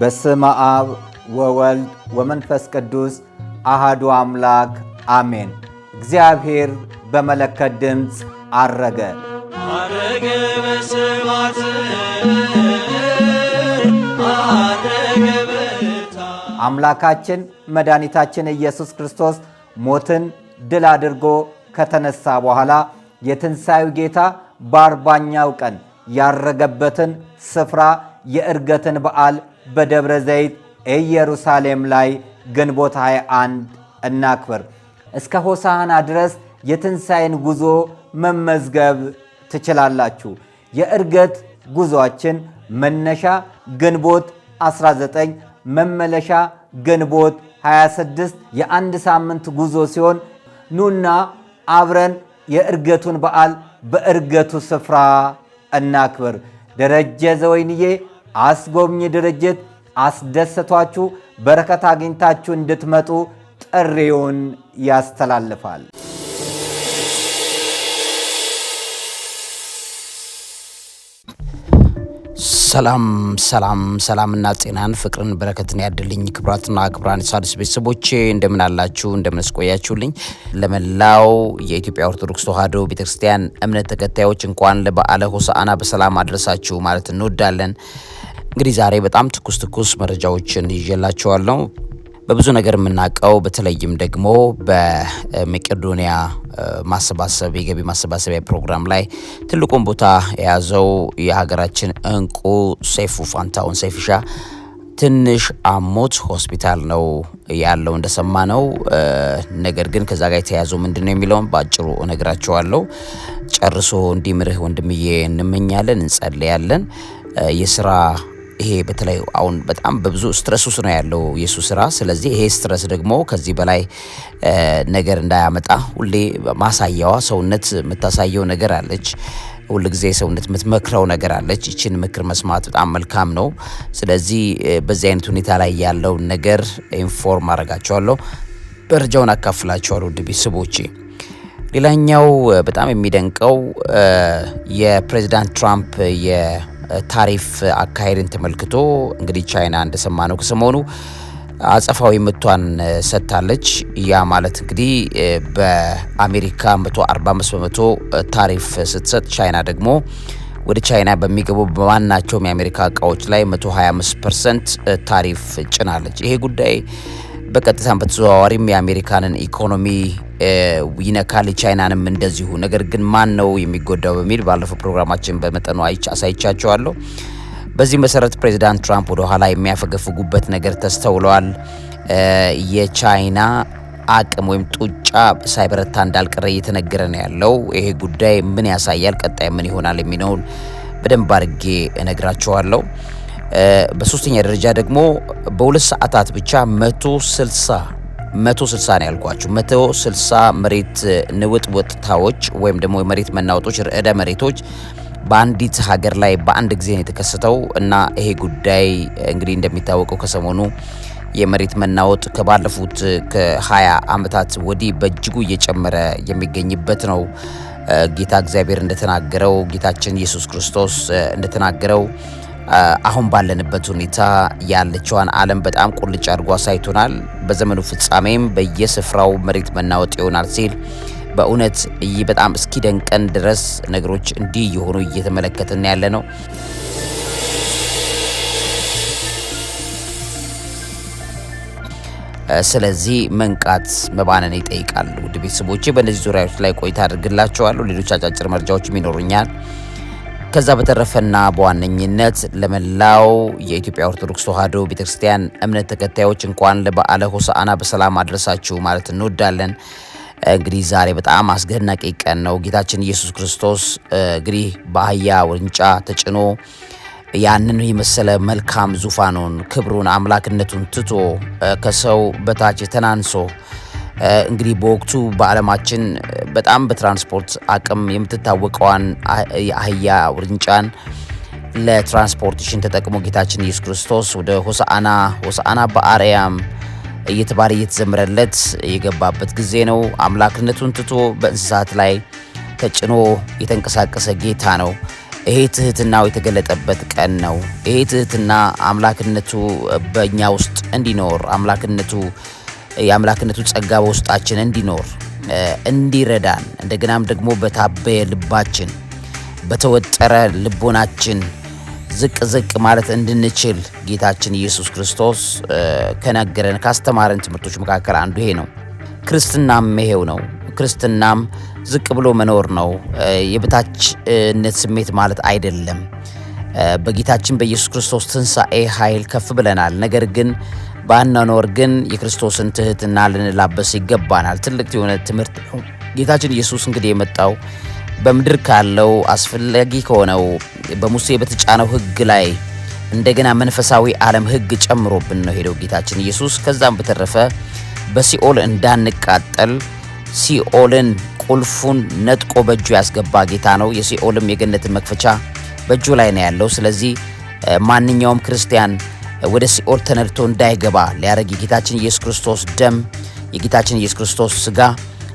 በስመ አብ ወወልድ ወመንፈስ ቅዱስ አሃዱ አምላክ አሜን። እግዚአብሔር በመለከት ድምፅ አረገ አረገ በስባት አምላካችን መድኃኒታችን ኢየሱስ ክርስቶስ ሞትን ድል አድርጎ ከተነሳ በኋላ የትንሣኤው ጌታ በአርባኛው ቀን ያረገበትን ስፍራ የዕርገትን በዓል በደብረ ዘይት ኢየሩሳሌም ላይ ግንቦት 21 እናክብር። እስከ ሆሳና ድረስ የትንሣኤን ጉዞ መመዝገብ ትችላላችሁ። የእርገት ጉዞአችን መነሻ ግንቦት 19 መመለሻ ግንቦት 26 የአንድ ሳምንት ጉዞ ሲሆን ኑና አብረን የእርገቱን በዓል በእርገቱ ስፍራ እናክብር። ደረጀ ዘወይንዬ አስጎብኚ ድርጅት አስደሰቷችሁ በረከት አግኝታችሁ እንድትመጡ ጥሪውን ያስተላልፋል። ሰላም ሰላም ሰላምና ጤናን ፍቅርን በረከትን ያድልኝ ክብራትና ክብራን ሣድስ ቤተሰቦቼ እንደምን አላችሁ? እንደምን ስቆያችሁልኝ? ለመላው የኢትዮጵያ ኦርቶዶክስ ተዋሕዶ ቤተክርስቲያን እምነት ተከታዮች እንኳን ለበዓለ ሆሳዕና በሰላም አድረሳችሁ ማለት እንወዳለን። እንግዲህ ዛሬ በጣም ትኩስ ትኩስ መረጃዎችን ይዤላችኋለሁ። በብዙ ነገር የምናውቀው በተለይም ደግሞ በመቄዶንያ ማሰባሰብ የገቢ ማሰባሰቢያ ፕሮግራም ላይ ትልቁን ቦታ የያዘው የሀገራችን እንቁ ሰይፉ ፋንታውን ሰይፍሻ ትንሽ አሞት ሆስፒታል ነው ያለው እንደሰማ ነው። ነገር ግን ከዛ ጋር የተያዙ ምንድን ነው የሚለውን በአጭሩ እነግራቸዋለሁ። ጨርሶ እንዲምርህ ወንድምዬ እንመኛለን፣ እንጸልያለን። የስራ ይሄ በተለይ አሁን በጣም በብዙ ስትረስ ውስጥ ነው ያለው የሱ ስራ። ስለዚህ ይሄ ስትረስ ደግሞ ከዚህ በላይ ነገር እንዳያመጣ ሁሌ ማሳያዋ ሰውነት የምታሳየው ነገር አለች። ሁል ጊዜ ሰውነት የምትመክረው ነገር አለች። ይችን ምክር መስማት በጣም መልካም ነው። ስለዚህ በዚህ አይነት ሁኔታ ላይ ያለውን ነገር ኢንፎርም አረጋቸዋለሁ፣ መረጃውን አካፍላቸዋለሁ ውድ ቤተሰቦቼ። ሌላኛው በጣም የሚደንቀው የፕሬዚዳንት ትራምፕ ታሪፍ አካሄድን ተመልክቶ እንግዲህ ቻይና እንደሰማነው ከሰሞኑ አጸፋዊ ምቷን ሰጥታለች። ያ ማለት እንግዲህ በአሜሪካ 145 በመቶ ታሪፍ ስትሰጥ ቻይና ደግሞ ወደ ቻይና በሚገቡ በማናቸውም የአሜሪካ እቃዎች ላይ 125 ፐርሰንት ታሪፍ ጭናለች። ይሄ ጉዳይ በቀጥታም በተዘዋዋሪም የአሜሪካንን ኢኮኖሚ ይነካል፣ ቻይናንም እንደዚሁ። ነገር ግን ማን ነው የሚጎዳው በሚል ባለፈው ፕሮግራማችን በመጠኑ አሳይቻቸዋለሁ። በዚህ መሰረት ፕሬዚዳንት ትራምፕ ወደኋላ የሚያፈገፍጉበት ነገር ተስተውለዋል። የቻይና አቅም ወይም ጡጫ ሳይበረታ እንዳልቀረ እየተነገረ ነው ያለው። ይሄ ጉዳይ ምን ያሳያል፣ ቀጣይ ምን ይሆናል የሚለውን በደንብ አድርጌ እነግራቸዋለሁ። በሶስተኛ ደረጃ ደግሞ በሁለት ሰዓታት ብቻ 160 160 ነው ያልኳችሁ 160 መሬት ንውጥውጥታዎች ወይም ደግሞ የመሬት መናወጦች፣ ርዕደ መሬቶች በአንዲት ሀገር ላይ በአንድ ጊዜ ነው የተከሰተው እና ይሄ ጉዳይ እንግዲህ እንደሚታወቀው ከሰሞኑ የመሬት መናወጥ ከባለፉት ከ20 ዓመታት ወዲህ በእጅጉ እየጨመረ የሚገኝበት ነው። ጌታ እግዚአብሔር እንደተናገረው ጌታችን ኢየሱስ ክርስቶስ እንደተናገረው አሁን ባለንበት ሁኔታ ያለችዋን ዓለም በጣም ቁልጭ አድርጎ አሳይቶናል። በዘመኑ ፍጻሜም በየስፍራው መሬት መናወጥ ይሆናል ሲል በእውነት ይህ በጣም እስኪደንቀን ድረስ ነገሮች እንዲህ የሆኑ እየተመለከትን ያለ ነው። ስለዚህ መንቃት መባነን ይጠይቃሉ። ውድ ቤተሰቦቼ በእነዚህ ዙሪያዎች ላይ ቆይታ አድርግላቸዋለሁ። ሌሎች አጫጭር መረጃዎችም ይኖሩኛል። ከዛ በተረፈና በዋነኝነት ለመላው የኢትዮጵያ ኦርቶዶክስ ተዋሕዶ ቤተክርስቲያን እምነት ተከታዮች እንኳን ለበዓለ ሆሳዕና በሰላም አድረሳችሁ ማለት እንወዳለን። እንግዲህ ዛሬ በጣም አስደናቂ ቀን ነው። ጌታችን ኢየሱስ ክርስቶስ እንግዲህ በአህያ ውርንጫ ተጭኖ ያንን የመሰለ መልካም ዙፋኑን፣ ክብሩን፣ አምላክነቱን ትቶ ከሰው በታች ተናንሶ እንግዲህ በወቅቱ በዓለማችን በጣም በትራንስፖርት አቅም የምትታወቀዋን የአህያ ውርንጫን ለትራንስፖርቴሽን ተጠቅሞ ጌታችን ኢየሱስ ክርስቶስ ወደ ሆሳአና ሆሳአና በአርያም እየተባለ እየተዘመረለት የገባበት ጊዜ ነው። አምላክነቱን ትቶ በእንስሳት ላይ ተጭኖ የተንቀሳቀሰ ጌታ ነው። ይሄ ትህትናው የተገለጠበት ቀን ነው። ይሄ ትህትና አምላክነቱ በእኛ ውስጥ እንዲኖር አምላክነቱ የአምላክነቱ ጸጋ በውስጣችን እንዲኖር እንዲረዳን እንደገናም ደግሞ በታበየ ልባችን በተወጠረ ልቦናችን ዝቅ ዝቅ ማለት እንድንችል ጌታችን ኢየሱስ ክርስቶስ ከነገረን ካስተማረን ትምህርቶች መካከል አንዱ ይሄ ነው። ክርስትናም ይሄው ነው። ክርስትናም ዝቅ ብሎ መኖር ነው። የበታችነት ስሜት ማለት አይደለም። በጌታችን በኢየሱስ ክርስቶስ ትንሣኤ ኃይል ከፍ ብለናል። ነገር ግን በአኗኗር ግን የክርስቶስን ትህትና ልንላበስ ይገባናል። ትልቅ የሆነ ትምህርት ነው። ጌታችን ኢየሱስ እንግዲህ የመጣው በምድር ካለው አስፈላጊ ከሆነው በሙሴ በተጫነው ሕግ ላይ እንደገና መንፈሳዊ ዓለም ሕግ ጨምሮብን ነው ሄደው ጌታችን ኢየሱስ። ከዛም በተረፈ በሲኦል እንዳንቃጠል ሲኦልን ቁልፉን ነጥቆ በእጁ ያስገባ ጌታ ነው። የሲኦልም የገነትን መክፈቻ በእጁ ላይ ነው ያለው። ስለዚህ ማንኛውም ክርስቲያን ወደ ሲኦል ተነድቶ እንዳይገባ ሊያደርግ የጌታችን ኢየሱስ ክርስቶስ ደም፣ የጌታችን ኢየሱስ ክርስቶስ ስጋ፣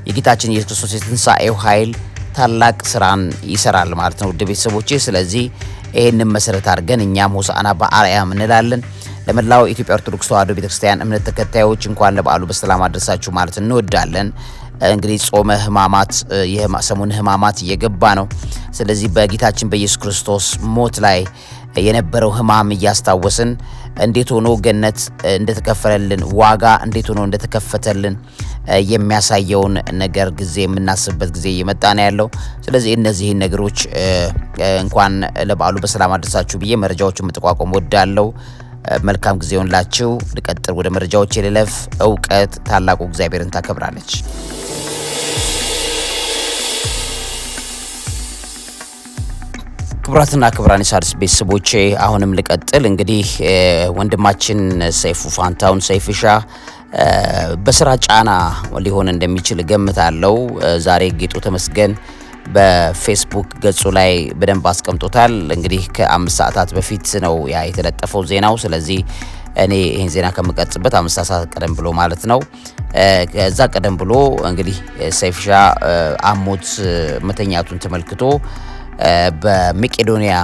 የጌታችን ኢየሱስ ክርስቶስ የትንሣኤው ኃይል ታላቅ ስራን ይሰራል ማለት ነው ውድ ቤተሰቦቼ። ስለዚህ ይህንም መሰረት አድርገን እኛም ሆሳዕና በአርያም እንላለን። ለመላው ኢትዮጵያ ኦርቶዶክስ ተዋሕዶ ቤተክርስቲያን እምነት ተከታዮች እንኳን ለበዓሉ በሰላም አደረሳችሁ ማለት እንወዳለን። እንግዲህ ጾመ ሕማማት ሰሙነ ሕማማት እየገባ ነው። ስለዚህ በጌታችን በኢየሱስ ክርስቶስ ሞት ላይ የነበረው ሕማም እያስታወስን እንዴት ሆኖ ገነት እንደተከፈለልን ዋጋ እንዴት ሆኖ እንደተከፈተልን የሚያሳየውን ነገር ጊዜ የምናስብበት ጊዜ እየመጣ ነው ያለው። ስለዚህ እነዚህን ነገሮች እንኳን ለበዓሉ በሰላም አድርሳችሁ ብዬ መረጃዎችን መጠቋቋም ወዳለው መልካም ጊዜ ሆንላችሁ። ልቀጥል ወደ መረጃዎች የልለፍ። እውቀት ታላቁ እግዚአብሔርን ታከብራለች። ክቡራትና ክቡራን የሣድስ ቤተሰቦቼ አሁንም ልቀጥል። እንግዲህ ወንድማችን ሰይፉ ፋንታውን ሰይፍሻ በስራ ጫና ሊሆን እንደሚችል እገምታለሁ። ዛሬ ጌጡ ተመስገን በፌስቡክ ገጹ ላይ በደንብ አስቀምጦታል። እንግዲህ ከአምስት ሰዓታት በፊት ነው ያ የተለጠፈው ዜናው። ስለዚህ እኔ ይህን ዜና ከምቀጽበት አምስት ሰዓት ቀደም ብሎ ማለት ነው። ከዛ ቀደም ብሎ እንግዲህ ሰይፍሻ አሞት መተኛቱን ተመልክቶ በመቄዶንያ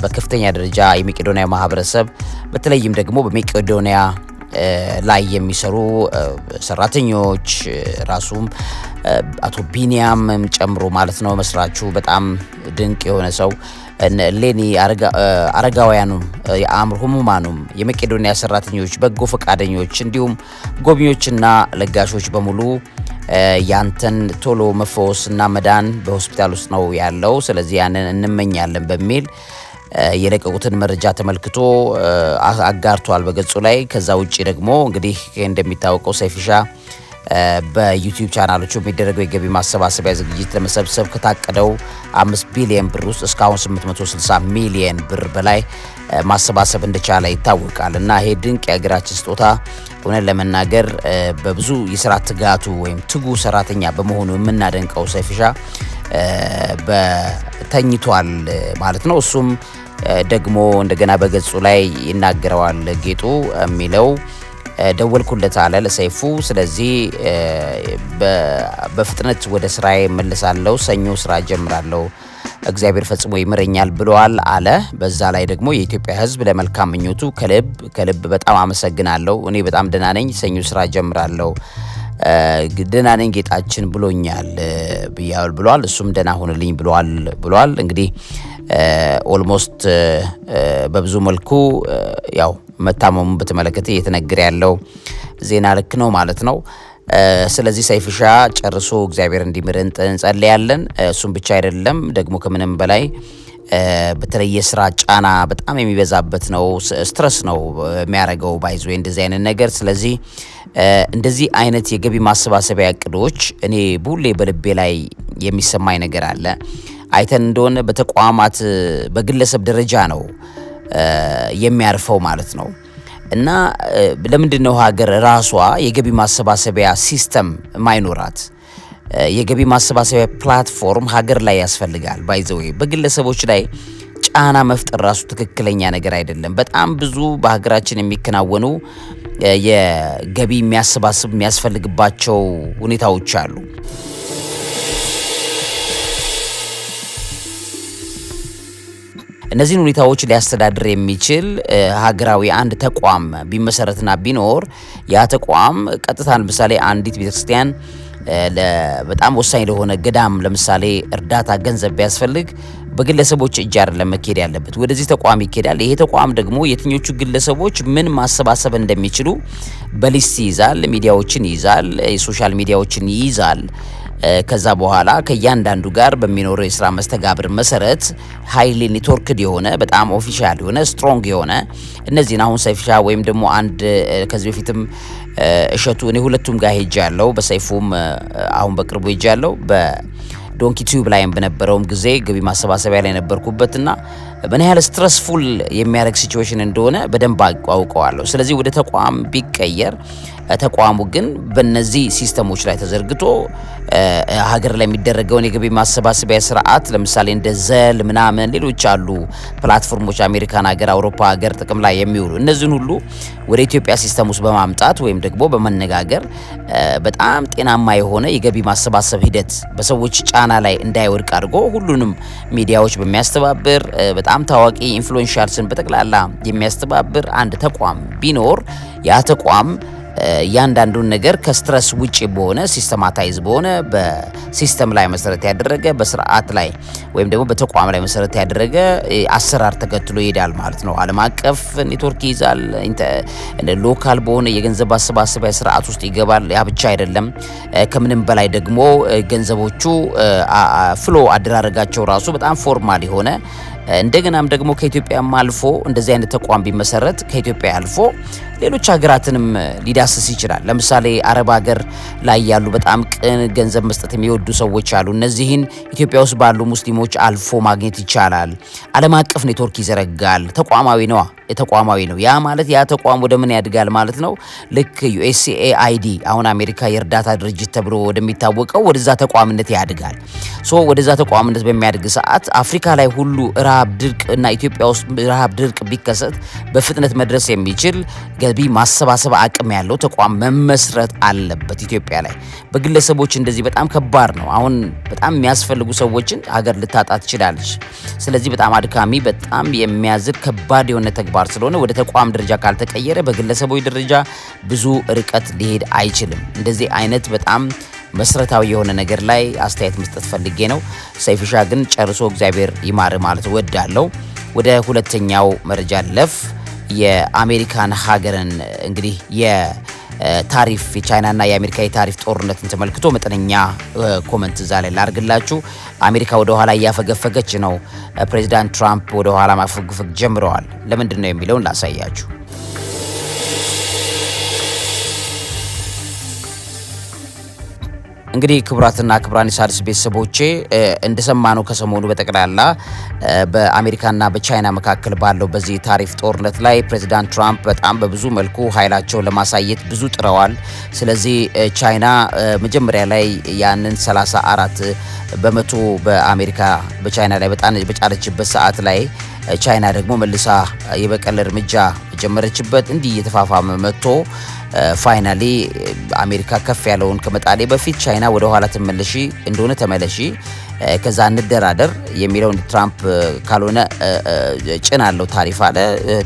በከፍተኛ ደረጃ የመቄዶንያ ማህበረሰብ በተለይም ደግሞ በመቄዶንያ ላይ የሚሰሩ ሰራተኞች ራሱም አቶ ቢኒያም ጨምሮ ማለት ነው መስራቹ በጣም ድንቅ የሆነ ሰው ሌኒ አረጋውያኑም የአእምሮ ህሙማኑም የመቄዶንያ ሰራተኞች፣ በጎ ፈቃደኞች እንዲሁም ጎብኚዎችና ለጋሾች በሙሉ ያንተን ቶሎ እና መዳን በሆስፒታል ውስጥ ነው ያለው፣ ስለዚህ ያንን እንመኛለን በሚል የለቀቁትን መረጃ ተመልክቶ አጋርቷል በገጹ ላይ። ከዛ ውጭ ደግሞ እንግዲህ እንደሚታወቀው ሰይፍሻ በዩቲዩብ ቻናሎቹ የሚደረገው የገቢ ማሰባሰቢያ ዝግጅት ለመሰብሰብ ከታቀደው 5 ቢሊዮን ብር ውስጥ እስካሁን 860 ሚሊየን ብር በላይ ማሰባሰብ እንደቻለ ይታወቃል እና ይሄ ድንቅ የሀገራችን ስጦታ እውነት ለመናገር በብዙ የስራ ትጋቱ ወይም ትጉ ሰራተኛ በመሆኑ የምናደንቀው ሰይፍሻ ተኝቷል ማለት ነው። እሱም ደግሞ እንደገና በገጹ ላይ ይናገረዋል ጌጡ የሚለው ደወልኩለት አለ ለሰይፉ። ስለዚህ በፍጥነት ወደ ስራዬ እመልሳለሁ፣ ሰኞ ስራ ጀምራለሁ፣ እግዚአብሔር ፈጽሞ ይምረኛል ብለዋል አለ። በዛ ላይ ደግሞ የኢትዮጵያ ሕዝብ ለመልካም ምኞቱ ከልብ ከልብ በጣም አመሰግናለሁ። እኔ በጣም ደህና ነኝ፣ ሰኞ ስራ ጀምራለሁ፣ ደህና ነኝ ጌጣችን ብሎኛል ብያል ብለዋል። እሱም ደህና ሆንልኝ ብለዋል ብለዋል። እንግዲህ ኦልሞስት በብዙ መልኩ ያው መታመሙን በተመለከተ እየተነገረ ያለው ዜና ልክ ነው ማለት ነው። ስለዚህ ሰይፍሻ ጨርሶ እግዚአብሔር እንዲምርን እንጸልያለን። እሱም ብቻ አይደለም ደግሞ ከምንም በላይ በተለይ የስራ ጫና በጣም የሚበዛበት ነው። ስትረስ ነው የሚያደርገው ባይዞ እንደዚህ አይነት ነገር። ስለዚህ እንደዚህ አይነት የገቢ ማሰባሰቢያ እቅዶች እኔ ሁሌ በልቤ ላይ የሚሰማኝ ነገር አለ። አይተን እንደሆነ በተቋማት በግለሰብ ደረጃ ነው የሚያርፈው ማለት ነው። እና ለምንድን ነው ሀገር ራሷ የገቢ ማሰባሰቢያ ሲስተም ማይኖራት? የገቢ ማሰባሰቢያ ፕላትፎርም ሀገር ላይ ያስፈልጋል። ባይዘዌ በግለሰቦች ላይ ጫና መፍጠር ራሱ ትክክለኛ ነገር አይደለም። በጣም ብዙ በሀገራችን የሚከናወኑ የገቢ የሚያሰባስብ የሚያስፈልግባቸው ሁኔታዎች አሉ። እነዚህን ሁኔታዎች ሊያስተዳድር የሚችል ሀገራዊ አንድ ተቋም ቢመሰረትና ቢኖር ያ ተቋም ቀጥታ ለምሳሌ አንዲት ቤተክርስቲያን በጣም ወሳኝ ለሆነ ገዳም ለምሳሌ እርዳታ ገንዘብ ቢያስፈልግ በግለሰቦች እጅ አይደለም መካሄድ ያለበት፣ ወደዚህ ተቋም ይካሄዳል። ይሄ ተቋም ደግሞ የትኞቹ ግለሰቦች ምን ማሰባሰብ እንደሚችሉ በሊስት ይይዛል፣ ሚዲያዎችን ይይዛል፣ የሶሻል ሚዲያዎችን ይይዛል። ከዛ በኋላ ከእያንዳንዱ ጋር በሚኖረው የስራ መስተጋብር መሰረት ሀይሊ ኔትወርክድ የሆነ በጣም ኦፊሻል የሆነ ስትሮንግ የሆነ እነዚህን አሁን ሰይፍሻ ወይም ደግሞ አንድ ከዚህ በፊትም እሸቱ እኔ ሁለቱም ጋር ሄጅ ያለው በሰይፉም አሁን በቅርቡ ሄጅ ያለው በዶንኪ ቲዩብ ላይም በነበረውም ጊዜ ገቢ ማሰባሰቢያ ላይ የነበርኩበትና ምን ያህል ስትረስፉል የሚያደርግ ሲትዌሽን እንደሆነ በደንብ አውቀዋለሁ። ስለዚህ ወደ ተቋም ቢቀየር ተቋሙ ግን በነዚህ ሲስተሞች ላይ ተዘርግቶ ሀገር ላይ የሚደረገውን የገቢ ማሰባሰቢያ ስርዓት ለምሳሌ እንደ ዘል ምናምን ሌሎች አሉ ፕላትፎርሞች አሜሪካን ሀገር፣ አውሮፓ ሀገር ጥቅም ላይ የሚውሉ እነዚህን ሁሉ ወደ ኢትዮጵያ ሲስተም ውስጥ በማምጣት ወይም ደግሞ በመነጋገር በጣም ጤናማ የሆነ የገቢ ማሰባሰብ ሂደት በሰዎች ጫና ላይ እንዳይወድቅ አድርጎ ሁሉንም ሚዲያዎች በሚያስተባብር በጣም ታዋቂ ኢንፍሉዌንሻልስን በጠቅላላ የሚያስተባብር አንድ ተቋም ቢኖር ያ ተቋም እያንዳንዱን ነገር ከስትረስ ውጪ በሆነ ሲስተማታይዝ በሆነ በሲስተም ላይ መሰረት ያደረገ በስርዓት ላይ ወይም ደግሞ በተቋም ላይ መሰረት ያደረገ አሰራር ተከትሎ ይሄዳል ማለት ነው። ዓለም አቀፍ ኔትወርክ ይይዛል። ሎካል በሆነ የገንዘብ አሰባሰቢያ ስርዓት ውስጥ ይገባል። ያ ብቻ አይደለም። ከምንም በላይ ደግሞ ገንዘቦቹ ፍሎ አደራረጋቸው ራሱ በጣም ፎርማል የሆነ እንደገናም ደግሞ ከኢትዮጵያም አልፎ እንደዚህ አይነት ተቋም ቢመሰረት ከኢትዮጵያ አልፎ ሌሎች ሀገራትንም ሊዳስስ ይችላል። ለምሳሌ አረብ ሀገር ላይ ያሉ በጣም ቅን ገንዘብ መስጠት የሚወዱ ሰዎች አሉ። እነዚህን ኢትዮጵያ ውስጥ ባሉ ሙስሊሞች አልፎ ማግኘት ይቻላል። ዓለም አቀፍ ኔትወርክ ይዘረጋል። ተቋማዊ ነዋ የተቋማዊ ነው። ያ ማለት ያ ተቋም ወደ ምን ያድጋል ማለት ነው። ልክ ዩኤስኤ አይዲ አሁን አሜሪካ የእርዳታ ድርጅት ተብሎ ወደሚታወቀው ወደዛ ተቋምነት ያድጋል። ሶ ወደዛ ተቋምነት በሚያድግ ሰዓት አፍሪካ ላይ ሁሉ ረሃብ ድርቅ እና ኢትዮጵያ ውስጥ ረሃብ ድርቅ ቢከሰት በፍጥነት መድረስ የሚችል ገቢ ማሰባሰብ አቅም ያለው ተቋም መመስረት አለበት ኢትዮጵያ ላይ። በግለሰቦች እንደዚህ በጣም ከባድ ነው። አሁን በጣም የሚያስፈልጉ ሰዎችን ሀገር ልታጣ ትችላለች። ስለዚህ በጣም አድካሚ፣ በጣም የሚያዝር ከባድ የሆነ ተግባር ስለሆነ ወደ ተቋም ደረጃ ካልተቀየረ በግለሰቦች ደረጃ ብዙ ርቀት ሊሄድ አይችልም። እንደዚህ አይነት በጣም መሰረታዊ የሆነ ነገር ላይ አስተያየት መስጠት ፈልጌ ነው። ሰይፍሻ ግን ጨርሶ እግዚአብሔር ይማር ማለት ወዳለው። ወደ ሁለተኛው መረጃ ለፍ የአሜሪካን ሀገርን እንግዲህ የታሪፍ የቻይናና የአሜሪካ የታሪፍ ጦርነትን ተመልክቶ መጠነኛ ኮመንት እዛ ላይ ላርግላችሁ። አሜሪካ ወደኋላ እያፈገፈገች ነው። ፕሬዚዳንት ትራምፕ ወደ ኋላ ማፈግፈግ ጀምረዋል። ለምንድን ነው የሚለውን ላሳያችሁ። እንግዲህ ክቡራትና ክቡራን የሣድስ ቤተሰቦቼ እንደሰማነው ከሰሞኑ በጠቅላላ በአሜሪካና በቻይና መካከል ባለው በዚህ ታሪፍ ጦርነት ላይ ፕሬዚዳንት ትራምፕ በጣም በብዙ መልኩ ኃይላቸውን ለማሳየት ብዙ ጥረዋል። ስለዚህ ቻይና መጀመሪያ ላይ ያንን 34 በመቶ በአሜሪካ በቻይና ላይ በጫረችበት ሰዓት ላይ ቻይና ደግሞ መልሳ የበቀል እርምጃ ጀመረችበት። እንዲህ እየተፋፋመ መጥቶ ፋይናሊ አሜሪካ ከፍ ያለውን ከመጣሌ በፊት ቻይና ወደ ኋላ ትመለሺ እንደሆነ ተመለሺ፣ ከዛ እንደራደር የሚለውን ትራምፕ ካልሆነ ጭን አለው ታሪፍ አለ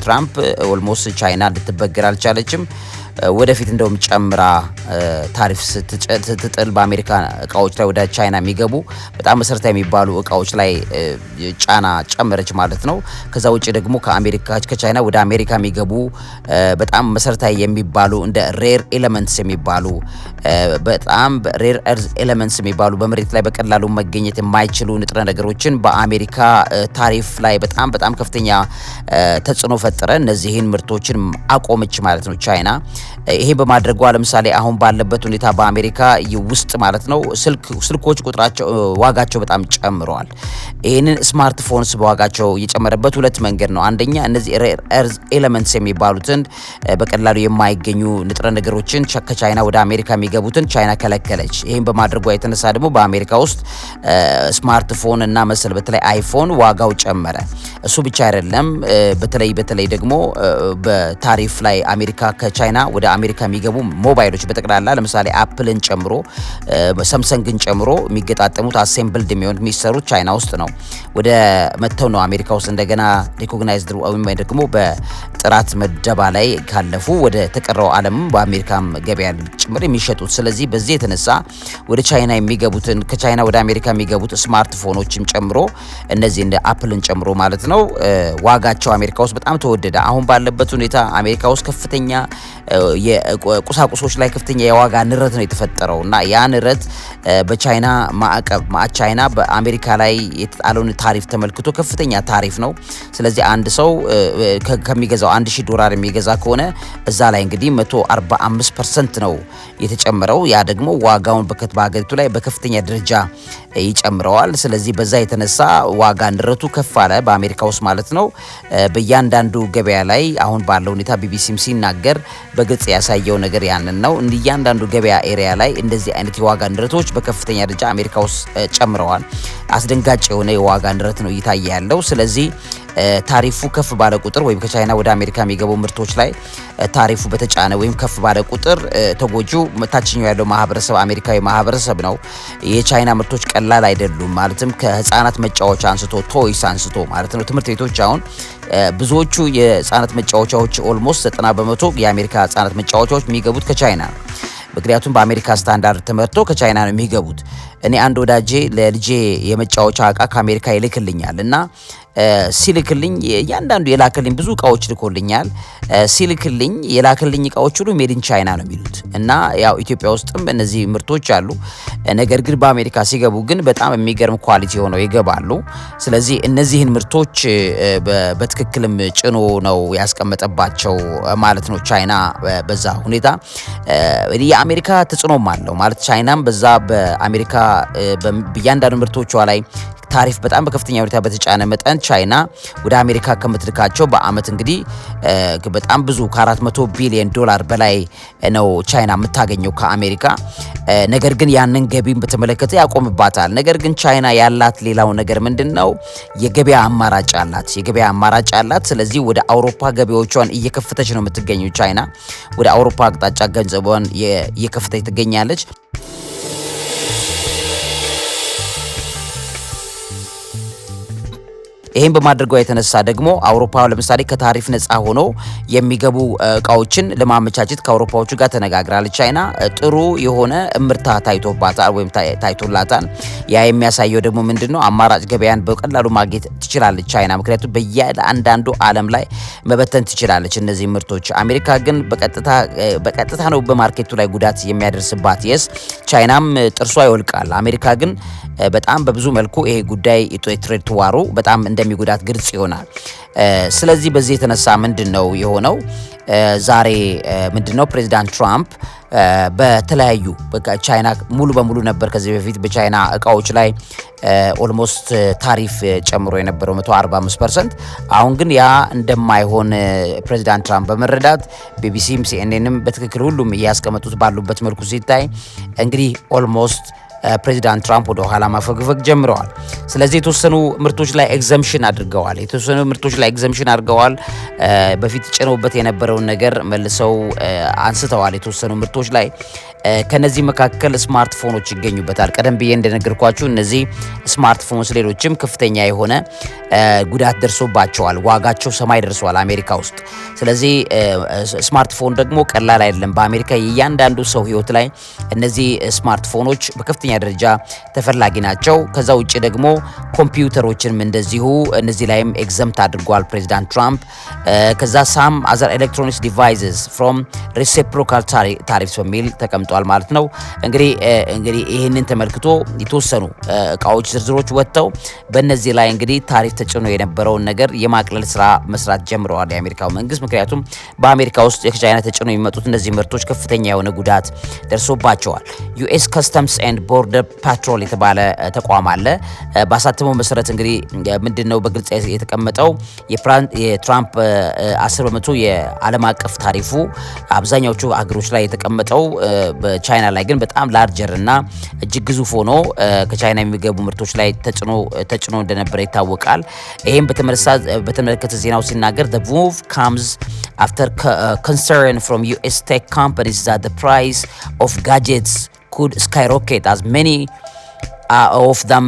ትራምፕ። ኦልሞስት ቻይና ልትበገር አልቻለችም። ወደፊት እንደውም ጨምራ ታሪፍ ስትጥል በአሜሪካ እቃዎች ላይ ወደ ቻይና የሚገቡ በጣም መሰረታዊ የሚባሉ እቃዎች ላይ ጫና ጨመረች ማለት ነው። ከዛ ውጭ ደግሞ ከአሜሪካ ከቻይና ወደ አሜሪካ የሚገቡ በጣም መሰረታዊ የሚባሉ እንደ ሬር ኤለመንትስ የሚባሉ በጣም ሬር ኤርዝ ኤለመንትስ የሚባሉ በመሬት ላይ በቀላሉ መገኘት የማይችሉ ንጥረ ነገሮችን በአሜሪካ ታሪፍ ላይ በጣም በጣም ከፍተኛ ተጽዕኖ ፈጠረ። እነዚህን ምርቶችን አቆመች ማለት ነው ቻይና። ይሄ በማድረጓ ለምሳሌ አሁን ባለበት ሁኔታ በአሜሪካ ውስጥ ማለት ነው ስልኮች ቁጥራቸው ዋጋቸው በጣም ጨምረዋል። ይህንን ስማርትፎንስ በዋጋቸው የጨመረበት ሁለት መንገድ ነው። አንደኛ እነዚህ ሬር ኤርዝ ኤለመንትስ የሚባሉትን በቀላሉ የማይገኙ ንጥረ ነገሮችን ከቻይና ወደ አሜሪካ የሚገቡትን ቻይና ከለከለች። ይህም በማድረጓ የተነሳ ደግሞ በአሜሪካ ውስጥ ስማርትፎን እና መሰል በተለይ አይፎን ዋጋው ጨመረ። እሱ ብቻ አይደለም። በተለይ በተለይ ደግሞ በታሪፍ ላይ አሜሪካ ከቻይና ወደ አሜሪካ የሚገቡ ሞባይሎች በጠቅላላ ለምሳሌ አፕልን ጨምሮ ሰምሰንግን ጨምሮ የሚገጣጠሙት አሴምብልድ የሚሆኑት የሚሰሩት ቻይና ውስጥ ነው። ወደ መጥተው ነው አሜሪካ ውስጥ እንደገና ሪኮግናይዝድ ወይም ደግሞ በጥራት መደባ ላይ ካለፉ ወደ ተቀረው ዓለም በአሜሪካም ገበያ ጭምር የሚሸጡት። ስለዚህ በዚህ የተነሳ ወደ ቻይና የሚገቡትን ከቻይና ወደ አሜሪካ የሚገቡት ስማርትፎኖችም ጨምሮ እነዚህ እንደ አፕልን ጨምሮ ማለት ነው ዋጋቸው አሜሪካ ውስጥ በጣም ተወደደ። አሁን ባለበት ሁኔታ አሜሪካ ውስጥ ከፍተኛ ቁሳቁሶች ላይ ከፍተኛ የዋጋ ንረት ነው የተፈጠረው እና ያ ንረት በቻይና ማዕቀብ ቻይና በአሜሪካ ላይ የተጣለውን ታሪፍ ተመልክቶ ከፍተኛ ታሪፍ ነው። ስለዚህ አንድ ሰው ከሚገዛው አንድ ሺህ ዶላር የሚገዛ ከሆነ እዛ ላይ እንግዲህ 145 ፐርሰንት ነው የተጨመረው። ያ ደግሞ ዋጋውን በሀገሪቱ ላይ በከፍተኛ ደረጃ ይጨምረዋል። ስለዚህ በዛ የተነሳ ዋጋ ንረቱ ከፍ አለ በአሜሪካ ውስጥ ማለት ነው። በእያንዳንዱ ገበያ ላይ አሁን ባለው ሁኔታ ቢቢሲም ሲናገር በግ ገጽ ያሳየው ነገር ያንን ነው። እንደ እያንዳንዱ ገበያ ኤሪያ ላይ እንደዚህ አይነት የዋጋ ንረቶች በከፍተኛ ደረጃ አሜሪካ ውስጥ ጨምረዋል። አስደንጋጭ የሆነ የዋጋ ንረት ነው እየታየ ያለው። ስለዚህ ታሪፉ ከፍ ባለ ቁጥር ወይም ከቻይና ወደ አሜሪካ የሚገቡ ምርቶች ላይ ታሪፉ በተጫነ ወይም ከፍ ባለ ቁጥር ተጎጂው ታችኛው ያለው ማህበረሰብ አሜሪካዊ ማህበረሰብ ነው። የቻይና ምርቶች ቀላል አይደሉም። ማለትም ከህፃናት መጫወቻ አንስቶ ቶይስ አንስቶ ማለት ነው። ትምህርት ቤቶች አሁን ብዙዎቹ የህፃናት መጫወቻዎች ኦልሞስት 90 በመቶ የአሜሪካ ህፃናት መጫወቻዎች የሚገቡት ከቻይና ነው። ምክንያቱም በአሜሪካ ስታንዳርድ ተመርቶ ከቻይና ነው የሚገቡት። እኔ አንድ ወዳጄ ለልጄ የመጫወቻ እቃ ከአሜሪካ ይልክልኛል እና ሲልክልኝ እያንዳንዱ የላክልኝ ብዙ እቃዎች ልኮልኛል። ሲልክልኝ የላክልኝ እቃዎች ሁሉ ሜድን ቻይና ነው የሚሉት እና ያው ኢትዮጵያ ውስጥም እነዚህ ምርቶች አሉ። ነገር ግን በአሜሪካ ሲገቡ ግን በጣም የሚገርም ኳሊቲ ሆነው ይገባሉ። ስለዚህ እነዚህን ምርቶች በትክክልም ጭኖ ነው ያስቀመጠባቸው ማለት ነው። ቻይና በዛ ሁኔታ የአሜሪካ ተጽዕኖም አለው ማለት ቻይናም በዛ በአሜሪካ በእያንዳንዱ ምርቶቿ ላይ ታሪፍ በጣም በከፍተኛ ሁኔታ በተጫነ መጠን ቻይና ወደ አሜሪካ ከምትልካቸው በአመት እንግዲህ በጣም ብዙ ከ400 ቢሊዮን ዶላር በላይ ነው ቻይና የምታገኘው ከአሜሪካ። ነገር ግን ያንን ገቢን በተመለከተ ያቆምባታል። ነገር ግን ቻይና ያላት ሌላው ነገር ምንድን ነው? የገበያ አማራጭ አላት። የገበያ አማራጭ አላት። ስለዚህ ወደ አውሮፓ ገበያዎቿን እየከፈተች ነው የምትገኘው ቻይና ወደ አውሮፓ አቅጣጫ ገንዘቧን እየከፈተች ትገኛለች። ይህም በማድረጓ የተነሳ ደግሞ አውሮፓ ለምሳሌ ከታሪፍ ነፃ ሆኖ የሚገቡ እቃዎችን ለማመቻቸት ከአውሮፓዎቹ ጋር ተነጋግራለች። ቻይና ጥሩ የሆነ እምርታ ታይቶባታል ወይም ታይቶላታል። ያ የሚያሳየው ደግሞ ምንድን ነው? አማራጭ ገበያን በቀላሉ ማግኘት ትችላለች ቻይና። ምክንያቱም በየአንዳንዱ ዓለም ላይ መበተን ትችላለች እነዚህ ምርቶች። አሜሪካ ግን በቀጥታ ነው በማርኬቱ ላይ ጉዳት የሚያደርስባት። የስ ቻይናም ጥርሷ ይወልቃል። አሜሪካ ግን በጣም በብዙ መልኩ ይሄ ጉዳይ የትሬድ ትዋሩ በጣም እንደሚጎዳት ግልጽ ይሆናል። ስለዚህ በዚህ የተነሳ ምንድን ነው የሆነው? ዛሬ ምንድን ነው ፕሬዚዳንት ትራምፕ በተለያዩ በቃ ቻይና ሙሉ በሙሉ ነበር ከዚህ በፊት በቻይና እቃዎች ላይ ኦልሞስት ታሪፍ ጨምሮ የነበረው 145 ፐርሰንት። አሁን ግን ያ እንደማይሆን ፕሬዚዳንት ትራምፕ በመረዳት ቢቢሲም ሲኤንኤንም በትክክል ሁሉም እያስቀመጡት ባሉበት መልኩ ሲታይ እንግዲህ ኦልሞስት ፕሬዚዳንት ትራምፕ ወደ ኋላ ማፈግፈግ ጀምረዋል። ስለዚህ የተወሰኑ ምርቶች ላይ ኤግዘምሽን አድርገዋል። የተወሰኑ ምርቶች ላይ ኤግዘምሽን አድርገዋል። በፊት ጭነውበት የነበረውን ነገር መልሰው አንስተዋል። የተወሰኑ ምርቶች ላይ ከነዚህ መካከል ስማርትፎኖች ይገኙበታል። ቀደም ብዬ እንደነገርኳችሁ እነዚህ ስማርትፎኖች ሌሎችም ከፍተኛ የሆነ ጉዳት ደርሶባቸዋል። ዋጋቸው ሰማይ ደርሷል አሜሪካ ውስጥ። ስለዚህ ስማርትፎን ደግሞ ቀላል አይደለም። በአሜሪካ የእያንዳንዱ ሰው ህይወት ላይ እነዚህ ስማርትፎኖች በከፍተኛ ደረጃ ተፈላጊ ናቸው። ከዛ ውጭ ደግሞ ኮምፒውተሮችንም እንደዚሁ እነዚህ ላይም ኤግዘምት አድርጓል ፕሬዚዳንት ትራምፕ። ከዛ ሳም አዘር ኤሌክትሮኒክስ ዲቫይስስ ፍሮም ሬሲፕሮካል ታሪፍስ በሚል ተቀምጧል። ተቀምጧል ማለት ነው። እንግዲህ እንግዲህ ይህንን ተመልክቶ የተወሰኑ እቃዎች ዝርዝሮች ወጥተው በእነዚህ ላይ እንግዲህ ታሪፍ ተጭኖ የነበረውን ነገር የማቅለል ስራ መስራት ጀምረዋል የአሜሪካው መንግስት። ምክንያቱም በአሜሪካ ውስጥ ከቻይና ተጭኖ የሚመጡት እነዚህ ምርቶች ከፍተኛ የሆነ ጉዳት ደርሶባቸዋል። ዩኤስ ከስተምስ ኤንድ ቦርደር ፓትሮል የተባለ ተቋም አለ። ባሳተመው መሰረት እንግዲህ ምንድን ነው በግልጽ የተቀመጠው የትራምፕ 10 በመቶ የዓለም አቀፍ ታሪፉ አብዛኛዎቹ ሀገሮች ላይ የተቀመጠው በቻይና ላይ ግን በጣም ላርጀር እና እጅግ ግዙፍ ሆኖ ከቻይና የሚገቡ ምርቶች ላይ ተጭኖ እንደነበረ ይታወቃል። ይህም በተመለከተ ዜናው ሲናገር the move comes after concern from US tech companies that the price of gadgets could skyrocket as many of them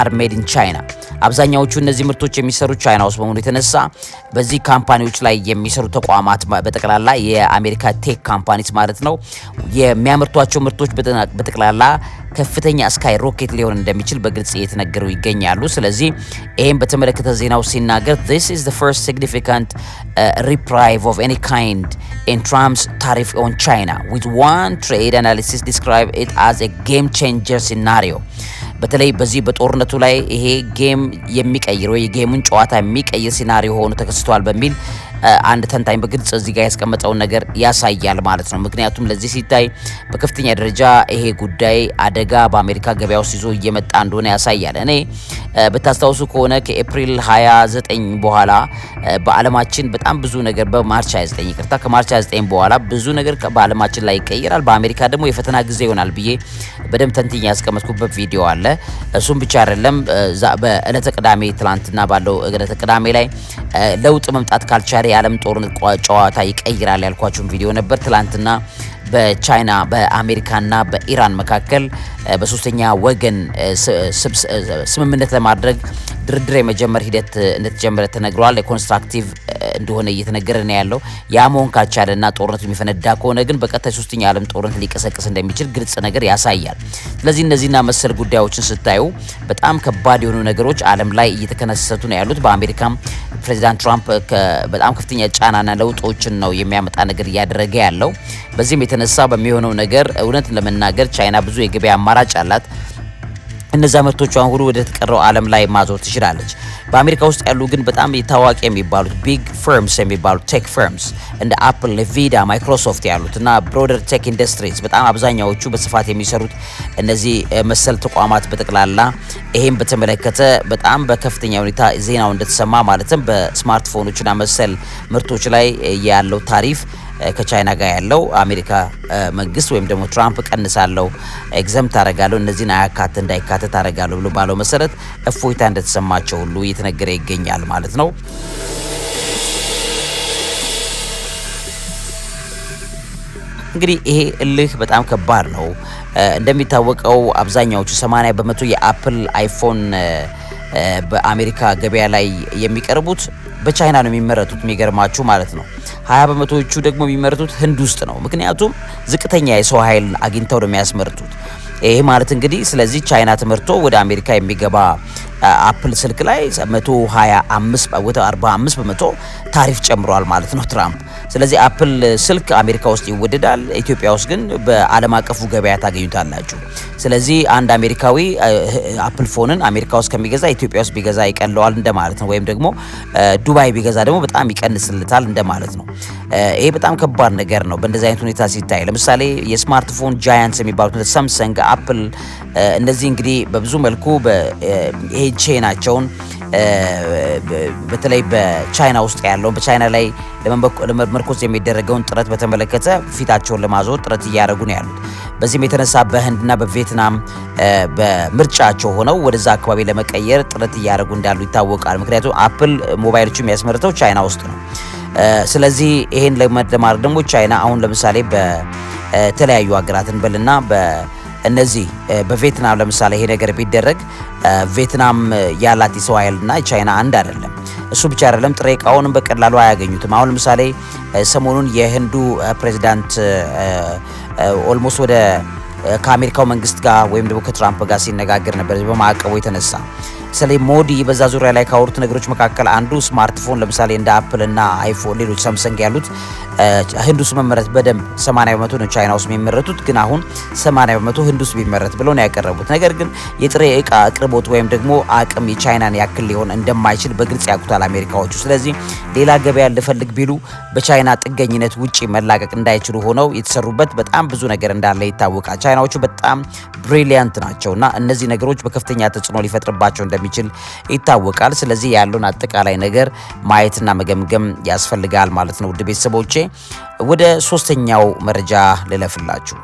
are made in China አብዛኛዎቹ እነዚህ ምርቶች የሚሰሩ ቻይና ውስጥ በመሆኑ የተነሳ በዚህ ካምፓኒዎች ላይ የሚሰሩ ተቋማት በጠቅላላ የአሜሪካ ቴክ ካምፓኒስ ማለት ነው የሚያመርቷቸው ምርቶች በጠቅላላ ከፍተኛ ስካይ ሮኬት ሊሆን እንደሚችል በግልጽ እየተነገሩ ይገኛሉ። ስለዚህ ይህም በተመለከተ ዜናው ሲናገር this is the first significant uh, reprieve of any kind in Trump's tariff on China with one trade analysis describe it as a game changer scenario በተለይ በዚህ በጦርነቱ ላይ ይሄ ጌም የሚቀይር ወይ ጌሙን ጨዋታ የሚቀይር ሲናሪዮ ሆኖ ተከስቷል በሚል አንድ ተንታኝ በግልጽ እዚህ ጋር ያስቀመጠውን ነገር ያሳያል ማለት ነው። ምክንያቱም ለዚህ ሲታይ በከፍተኛ ደረጃ ይሄ ጉዳይ አደጋ በአሜሪካ ገበያ ውስጥ ይዞ እየመጣ እንደሆነ ያሳያል። እኔ ብታስታውሱ ከሆነ ከኤፕሪል 29 በኋላ በዓለማችን በጣም ብዙ ነገር በማርች 29 ይቅርታ፣ ከማርች 29 በኋላ ብዙ ነገር በዓለማችን ላይ ይቀየራል። በአሜሪካ ደግሞ የፈተና ጊዜ ይሆናል ብዬ በደንብ ተንትኝ ያስቀመጥኩበት ቪዲዮ አለ። እሱም ብቻ አይደለም በእለተ ቅዳሜ ትላንትና ባለው እለተ ቅዳሜ ላይ ለውጥ መምጣት ካልቻለ የዓለም ጦርነት ጨዋታ ይቀይራል ያልኳችሁን ቪዲዮ ነበር ትላንትና በቻይና በአሜሪካና በኢራን መካከል በሶስተኛ ወገን ስምምነት ለማድረግ ድርድር የመጀመር ሂደት እንደተጀመረ ተነግሯል። ኮንስትራክቲቭ እንደሆነ እየተነገረ ነው ያለው። ያ መሆን ካቻለና ጦርነቱ የሚፈነዳ ከሆነ ግን በቀጣይ ሶስተኛ ዓለም ጦርነት ሊቀሰቅስ እንደሚችል ግልጽ ነገር ያሳያል። ስለዚህ እነዚህና መሰል ጉዳዮችን ስታዩ በጣም ከባድ የሆኑ ነገሮች ዓለም ላይ እየተከነሰቱ ነው ያሉት። በአሜሪካም ፕሬዚዳንት ትራምፕ በጣም ከፍተኛ ጫናና ለውጦችን ነው የሚያመጣ ነገር እያደረገ ያለው በዚህም የተነሳ በሚሆነው ነገር እውነት ለመናገር ቻይና ብዙ የገበያ አማራጭ አላት። እነዛ ምርቶቿን ሁሉ ወደ ተቀረው ዓለም ላይ ማዞር ትችላለች። በአሜሪካ ውስጥ ያሉ ግን በጣም ታዋቂ የሚባሉት ቢግ ፈርምስ የሚባሉት ቴክ ፈርምስ እንደ አፕል፣ ኔቪዳ፣ ማይክሮሶፍት ያሉት እና ብሮደር ቴክ ኢንዱስትሪስ በጣም አብዛኛዎቹ በስፋት የሚሰሩት እነዚህ መሰል ተቋማት በጠቅላላ ይሄን በተመለከተ በጣም በከፍተኛ ሁኔታ ዜናው እንደተሰማ ማለትም በስማርትፎኖችና መሰል ምርቶች ላይ ያለው ታሪፍ ከቻይና ጋር ያለው አሜሪካ መንግስት ወይም ደግሞ ትራምፕ ቀንሳለው፣ ኤግዘምት አረጋለሁ፣ እነዚህን አያካት እንዳይካተት አረጋለሁ ብሎ ባለው መሰረት እፎይታ እንደተሰማቸው ሁሉ እየተነገረ ይገኛል ማለት ነው። እንግዲህ ይሄ እልህ በጣም ከባድ ነው። እንደሚታወቀው አብዛኛዎቹ 80 በመቶ የአፕል አይፎን በአሜሪካ ገበያ ላይ የሚቀርቡት በቻይና ነው የሚመረቱት። የሚገርማችሁ ማለት ነው ሀያ በመቶዎቹ ደግሞ የሚመረቱት ህንድ ውስጥ ነው። ምክንያቱም ዝቅተኛ የሰው ኃይል አግኝተው ነው የሚያስመርቱት። ይሄ ማለት እንግዲህ ስለዚህ ቻይና ትምህርቶ ወደ አሜሪካ የሚገባ አፕል ስልክ ላይ 125 በመቶ ታሪፍ ጨምሯል ማለት ነው ትራምፕ። ስለዚህ አፕል ስልክ አሜሪካ ውስጥ ይወደዳል። ኢትዮጵያ ውስጥ ግን በዓለም አቀፉ ገበያ ታገኙታላችሁ። ስለዚህ አንድ አሜሪካዊ አፕል ፎንን አሜሪካ ውስጥ ከሚገዛ ኢትዮጵያ ውስጥ ቢገዛ ይቀለዋል እንደማለት ነው። ወይም ደግሞ ዱባይ ቢገዛ ደግሞ በጣም ይቀንስልታል እንደማለት ነው። ይሄ በጣም ከባድ ነገር ነው በእንደዚህ አይነት ሁኔታ ሲታይ። ለምሳሌ የስማርትፎን ጃያንትስ የሚባሉት ሳምሰንግ፣ አፕል እነዚህ እንግዲህ በብዙ መልኩ ይሄ ቼናቸውን በተለይ በቻይና ውስጥ ያለውን በቻይና ላይ ለመመርኮዝ የሚደረገውን ጥረት በተመለከተ ፊታቸውን ለማዞር ጥረት እያደረጉ ነው ያሉት። በዚህም የተነሳ በህንድና በቪየትናም በምርጫቸው ሆነው ወደዛ አካባቢ ለመቀየር ጥረት እያደረጉ እንዳሉ ይታወቃል። ምክንያቱም አፕል ሞባይሎቹ የሚያስመርተው ቻይና ውስጥ ነው። ስለዚህ ይሄን ለማድረግ ደግሞ ቻይና አሁን ለምሳሌ በተለያዩ ሀገራት እንበልና እነዚህ በቪየትናም ለምሳሌ ይሄ ነገር ቢደረግ ቪየትናም ያላት የሰው ኃይልና ቻይና አንድ አይደለም። እሱ ብቻ አይደለም፣ ጥሬ እቃውንም በቀላሉ አያገኙትም። አሁን ለምሳሌ ሰሞኑን የህንዱ ፕሬዚዳንት ኦልሞስት ወደ ከአሜሪካው መንግስት ጋር ወይም ደግሞ ከትራምፕ ጋር ሲነጋገር ነበር በማዕቀቡ የተነሳ ስለ ሞዲ በዛ ዙሪያ ላይ ካወሩት ነገሮች መካከል አንዱ ስማርትፎን ለምሳሌ እንደ አፕል እና አይፎን፣ ሌሎች ሳምሰንግ ያሉት ህንድ ውስጥ መመረት በደንብ 80 በመቶ ነው ቻይና ውስጥ የሚመረቱት፣ ግን አሁን 80 በመቶ ህንድ ውስጥ ቢመረት ብለው ነው ያቀረቡት። ነገር ግን የጥሬ እቃ አቅርቦት ወይም ደግሞ አቅም የቻይናን ያክል ሊሆን እንደማይችል በግልጽ ያውቁታል አሜሪካዎቹ። ስለዚህ ሌላ ገበያ ልፈልግ ቢሉ በቻይና ጥገኝነት ውጪ መላቀቅ እንዳይችሉ ሆነው የተሰሩበት በጣም ብዙ ነገር እንዳለ ይታወቃል። ቻይናዎቹ በጣም ብሪሊያንት ናቸውና እነዚህ ነገሮች በከፍተኛ ተጽዕኖ ሊፈጥርባቸው እንደ እንደሚችል ይታወቃል። ስለዚህ ያለውን አጠቃላይ ነገር ማየትና መገምገም ያስፈልጋል ማለት ነው። ውድ ቤተሰቦቼ ወደ ሶስተኛው መረጃ ልለፍላችሁ።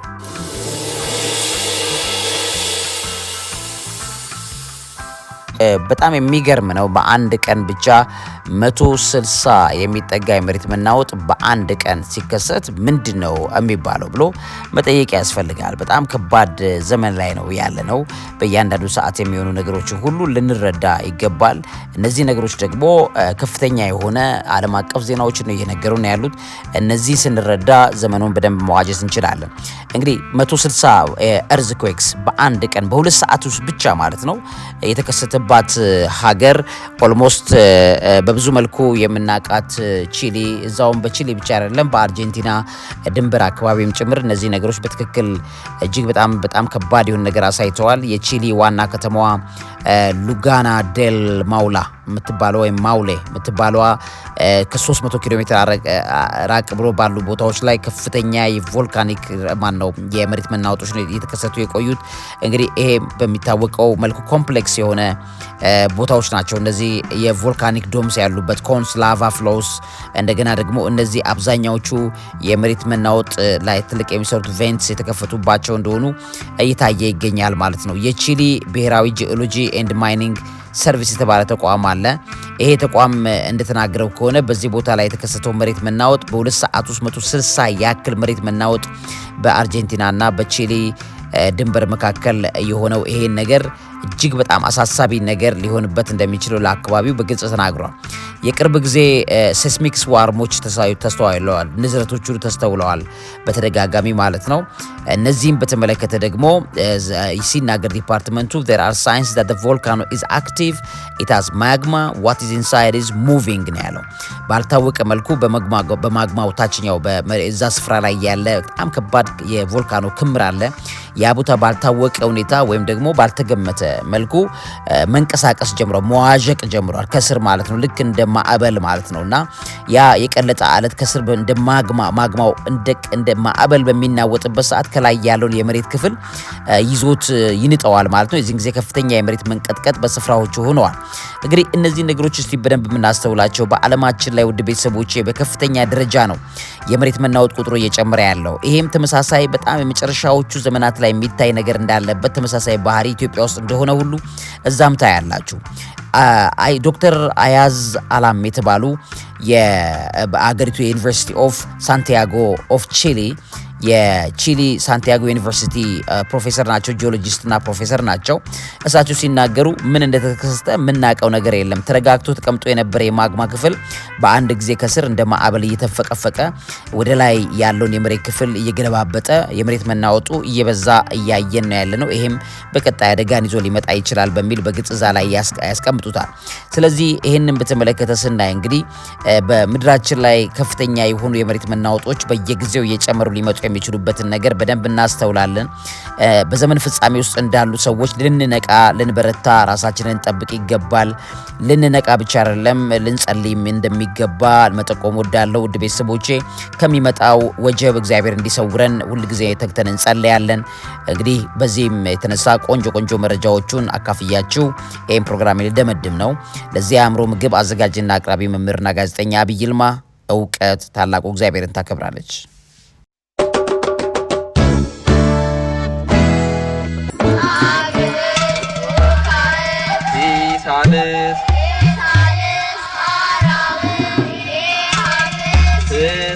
በጣም የሚገርም ነው። በአንድ ቀን ብቻ 160 የሚጠጋ የመሬት መናወጥ በአንድ ቀን ሲከሰት ምንድን ነው የሚባለው ብሎ መጠየቅ ያስፈልጋል። በጣም ከባድ ዘመን ላይ ነው ያለ ነው። በእያንዳንዱ ሰዓት የሚሆኑ ነገሮችን ሁሉ ልንረዳ ይገባል። እነዚህ ነገሮች ደግሞ ከፍተኛ የሆነ ዓለም አቀፍ ዜናዎች ነው ነው ያሉት። እነዚህ ስንረዳ ዘመኑን በደንብ መዋጀት እንችላለን። እንግዲህ 160 ኤርዝኩዌክስ በአንድ ቀን በሁለት ሰዓት ውስጥ ብቻ ማለት ነው የተከሰተ ያለባት ሀገር ኦልሞስት በብዙ መልኩ የምናውቃት ቺሊ፣ እዛውም በቺሊ ብቻ አይደለም በአርጀንቲና ድንበር አካባቢም ጭምር እነዚህ ነገሮች በትክክል እጅግ በጣም በጣም ከባድ የሆነ ነገር አሳይተዋል። የቺሊ ዋና ከተማዋ ሉጋና ዴል ማውላ የምትባለ ወይም ማውሌ የምትባለዋ ከ300 ኪሎ ሜትር ራቅ ብሎ ባሉ ቦታዎች ላይ ከፍተኛ የቮልካኒክ ማን ነው የመሬት መናወጦች የተከሰቱ የቆዩት። እንግዲህ ይሄ በሚታወቀው መልኩ ኮምፕሌክስ የሆነ ቦታዎች ናቸው። እነዚህ የቮልካኒክ ዶምስ ያሉበት ኮንስ፣ ላቫ ፍሎስ፣ እንደገና ደግሞ እነዚህ አብዛኛዎቹ የመሬት መናወጥ ላይ ትልቅ የሚሰሩት ቬንትስ የተከፈቱባቸው እንደሆኑ እየታየ ይገኛል ማለት ነው። የቺሊ ብሔራዊ ጂኦሎጂ ኤንድ ማይኒንግ ሰርቪስ የተባለ ተቋም አለ። ይሄ ተቋም እንደተናገረው ከሆነ በዚህ ቦታ ላይ የተከሰተው መሬት መናወጥ በ2 ሰዓት ውስጥ 160 ያክል መሬት መናወጥ በአርጀንቲና እና በቺሊ ድንበር መካከል የሆነው ይሄን ነገር እጅግ በጣም አሳሳቢ ነገር ሊሆንበት እንደሚችለው ለአካባቢው በግልጽ ተናግሯል። የቅርብ ጊዜ ሴስሚክስ ዋርሞች ተስተዋይለዋል፣ ንዝረቶቹ ተስተውለዋል በተደጋጋሚ ማለት ነው። እነዚህም በተመለከተ ደግሞ ሲናገር ዲፓርትመንቱ there are signs that the volcano is active it has magma what is inside ነው ያለው። ባልታወቀ መልኩ በማግማው ታችኛው እዛ ስፍራ ላይ ያለ በጣም ከባድ የቮልካኖ ክምር አለ። ያ ቦታ ባልታወቀ ሁኔታ ወይም ደግሞ ባልተገመተ መልኩ መንቀሳቀስ ጀምሯል፣ መዋዠቅ ጀምሯል። ከስር ማለት ነው፣ ልክ እንደ ማዕበል ማለት ነው። እና ያ የቀለጠ አለት ከስር እንደ ማግማ ማግማው እንደ ማዕበል በሚናወጥበት ሰዓት ከላይ ያለውን የመሬት ክፍል ይዞት ይንጠዋል ማለት ነው። የዚህን ጊዜ ከፍተኛ የመሬት መንቀጥቀጥ በስፍራዎቹ ሆነዋል። እንግዲህ እነዚህ ነገሮች እስቲ በደንብ የምናስተውላቸው በዓለማችን ላይ ውድ ቤተሰቦቼ በከፍተኛ ደረጃ ነው የመሬት መናወጥ ቁጥሩ እየጨመረ ያለው። ይሄም ተመሳሳይ በጣም የመጨረሻዎቹ ዘመናት ላይ የሚታይ ነገር እንዳለበት ተመሳሳይ ባህሪ ኢትዮጵያ ውስጥ እንደሆነ ሁሉ እዛም ታያላችሁ። ዶክተር አያዝ አላም የተባሉ በአገሪቱ የዩኒቨርሲቲ ኦፍ ሳንቲያጎ ኦፍ ቺሊ የቺሊ ሳንቲያጎ ዩኒቨርሲቲ ፕሮፌሰር ናቸው፣ ጂኦሎጂስትና ፕሮፌሰር ናቸው። እሳቸው ሲናገሩ ምን እንደተከሰተ የምናውቀው ነገር የለም። ተረጋግቶ ተቀምጦ የነበረ የማግማ ክፍል በአንድ ጊዜ ከስር እንደ ማዕበል እየተፈቀፈቀ ወደ ላይ ያለውን የመሬት ክፍል እየገለባበጠ የመሬት መናወጡ እየበዛ እያየን ነው ያለ ነው። ይሄም በቀጣይ አደጋን ይዞ ሊመጣ ይችላል በሚል በግልጽ እዛ ላይ ያስቀምጡታል። ስለዚህ ይህንን በተመለከተ ስናይ እንግዲህ በምድራችን ላይ ከፍተኛ የሆኑ የመሬት መናወጦች በየጊዜው እየጨመሩ ሊመጡ የሚችሉበትን ነገር በደንብ እናስተውላለን። በዘመን ፍጻሜ ውስጥ እንዳሉ ሰዎች ልንነቃ፣ ልንበረታ፣ ራሳችንን ልንጠብቅ ይገባል። ልንነቃ ብቻ አይደለም ልንጸልይም እንደሚገባ መጠቆም ወዳለው ውድ ቤተሰቦቼ ከሚመጣው ወጀብ እግዚአብሔር እንዲሰውረን ሁልጊዜ ተግተን እንጸለያለን። እንግዲህ በዚህም የተነሳ ቆንጆ ቆንጆ መረጃዎቹን አካፍያችሁ ይህም ፕሮግራም ልደመድም ነው። ለዚህ አእምሮ ምግብ አዘጋጅና አቅራቢ መምህርና ጋዜጠኛ አብይ ይልማ እውቀት ታላቁ እግዚአብሔርን ታከብራለች። ሳድስ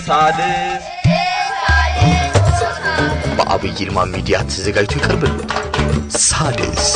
ሳልስ በአብይ ይልማ ሚዲያ ተዘጋጅቶ ይቀርብልዎታል። ሳድስ